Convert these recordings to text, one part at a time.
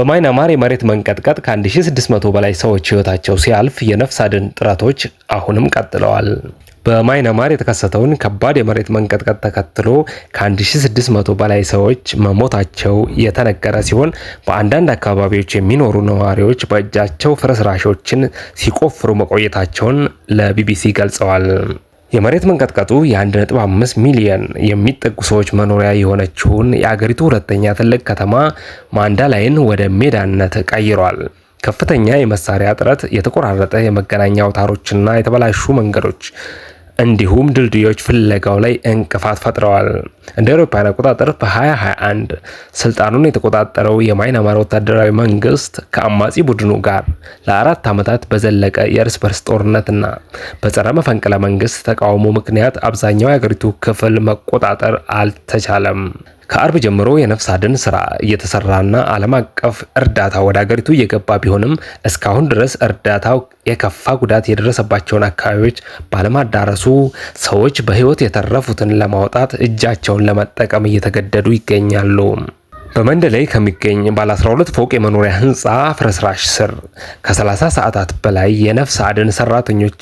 በማይናማር የመሬት መንቀጥቀጥ ከ1600 በላይ ሰዎች ህይወታቸው ሲያልፍ የነፍስ አድን ጥረቶች አሁንም ቀጥለዋል። በማይናማር የተከሰተውን ከባድ የመሬት መንቀጥቀጥ ተከትሎ ከ1600 በላይ ሰዎች መሞታቸው የተነገረ ሲሆን በአንዳንድ አካባቢዎች የሚኖሩ ነዋሪዎች በእጃቸው ፍርስራሾችን ሲቆፍሩ መቆየታቸውን ለቢቢሲ ገልጸዋል። የመሬት መንቀጥቀጡ የ1.5 ሚሊዮን የሚጠጉ ሰዎች መኖሪያ የሆነችውን የአገሪቱ ሁለተኛ ትልቅ ከተማ ማንዳላይን ወደ ሜዳነት ቀይሯል። ከፍተኛ የመሳሪያ እጥረት፣ የተቆራረጠ የመገናኛ አውታሮችና የተበላሹ መንገዶች እንዲሁም ድልድዮች ፍለጋው ላይ እንቅፋት ፈጥረዋል። እንደ አውሮፓውያን አቆጣጠር በ2021 ስልጣኑን የተቆጣጠረው የማይናማር ወታደራዊ መንግስት ከአማጺ ቡድኑ ጋር ለአራት ዓመታት በዘለቀ የእርስ በርስ ጦርነትና በጸረ መፈንቅለ መንግስት ተቃውሞ ምክንያት አብዛኛው የአገሪቱ ክፍል መቆጣጠር አልተቻለም። ከአርብ ጀምሮ የነፍስ አድን ስራ እየተሰራና ዓለም አቀፍ እርዳታ ወደ ሀገሪቱ እየገባ ቢሆንም እስካሁን ድረስ እርዳታው የከፋ ጉዳት የደረሰባቸውን አካባቢዎች ባለማዳረሱ ሰዎች በህይወት የተረፉትን ለማውጣት እጃቸውን ለመጠቀም እየተገደዱ ይገኛሉ። በመንደላይ ከሚገኝ ባለ 12 ፎቅ የመኖሪያ ህንፃ ፍርስራሽ ስር ከ30 ሰዓታት በላይ የነፍስ አድን ሰራተኞች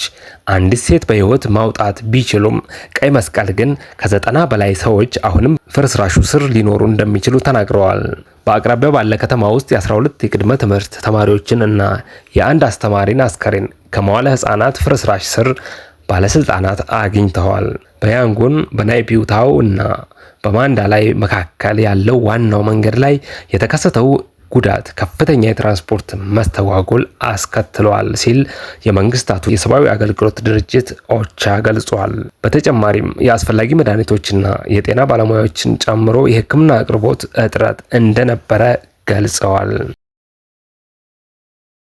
አንዲት ሴት በህይወት ማውጣት ቢችሉም ቀይ መስቀል ግን ከዘጠና በላይ ሰዎች አሁንም ፍርስራሹ ስር ሊኖሩ እንደሚችሉ ተናግረዋል። በአቅራቢያ ባለ ከተማ ውስጥ የ12 የቅድመ ትምህርት ተማሪዎችን እና የአንድ አስተማሪን አስከሬን ከመዋለ ህጻናት ፍርስራሽ ስር ባለስልጣናት አግኝተዋል። በያንጉን በናይፒዩታው እና በማንዳላይ መካከል ያለው ዋናው መንገድ ላይ የተከሰተው ጉዳት ከፍተኛ የትራንስፖርት መስተጓጎል አስከትለዋል ሲል የመንግስታቱ የሰብአዊ አገልግሎት ድርጅት ኦቻ ገልጿል። በተጨማሪም የአስፈላጊ መድኃኒቶችና የጤና ባለሙያዎችን ጨምሮ የሕክምና አቅርቦት እጥረት እንደነበረ ገልጸዋል።